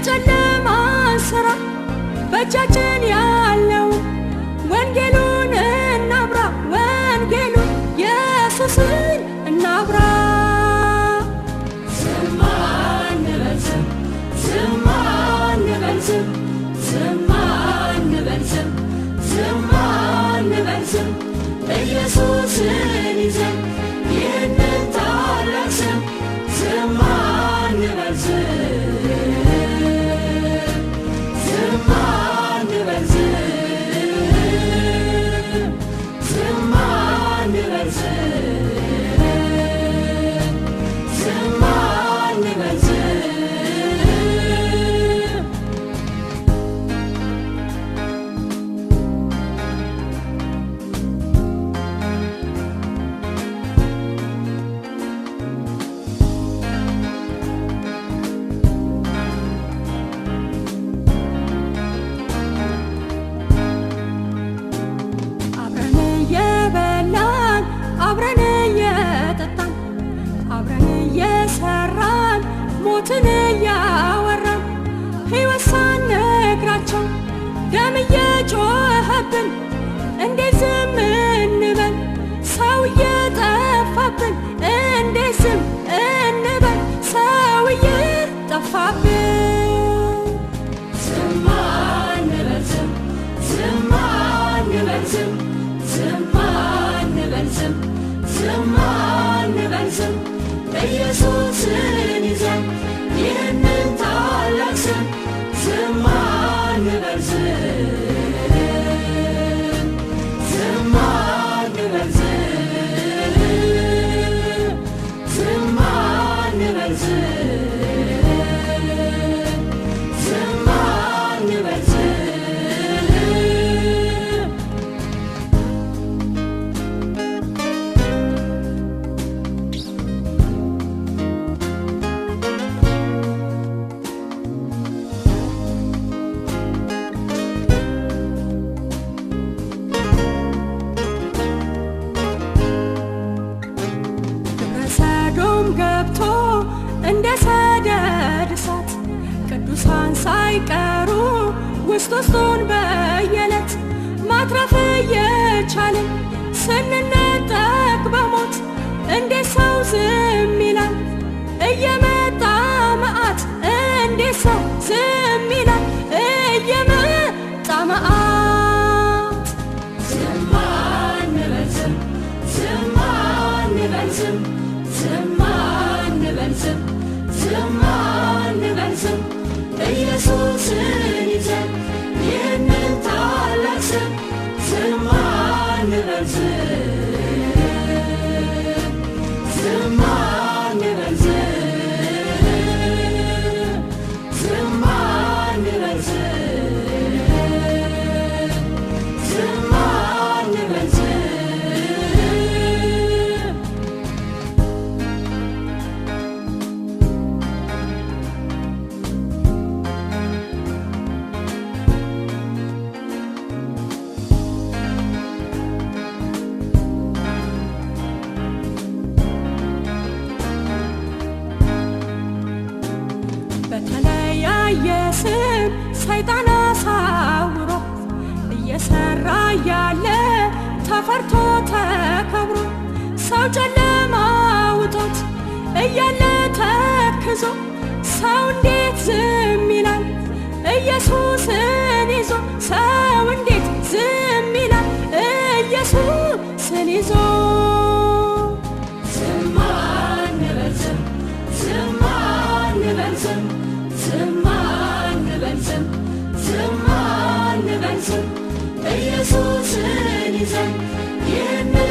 የጨለማ ስራ በእጃችን ያለው ወንጌሉን እናብራ፣ ወንጌሉን ኢየሱስን እናብራ። ዝማ እንበል ዝም፣ ዝማ እንበል ዝም፣ ዝማ ዝም፣ ዝማ ኢየሱስን ይዘን ይህንን ታላቅ ስም ዝማ እንበል የሞትን እያወራን ሕይወት ሳንነግራቸው ደም እየጮኸብን እንዴት ዝም እንበል? ሰው እየጠፋብን እንዴት ዝም እንበል? ሰው እየጠፋብን ዝም አንበል ዝም ዝም አንበል ዝም ዝም አንበል ዝም ዝም አንበል ዝም ኢየሱስን ይዘን ቅዱሳን ሳይቀሩ ውስጥ ውስጡን በየለት ማትረፍ እየቻልን ስንነጠቅ በሞት እንዴ ሰው ዝም ይላል? እየመጣ መዓት እንዴ ሰው ዝም ይላል? እየመጣ መዓት ዝም አንበል ዝም ዝም ዝም Öyle solsun በየስም ሰይጣን አሳውሮ እየሰራ ያለ ተፈርቶ ተከብሮ ሰው ጨለማ እያለ ተክዞ ሰው እንዴት ዝም ይላል? ኢየሱስን ይዞ ሰው እንዴት ዝም ይላል? ኢየሱስን ይዞ 无知逆风，也能。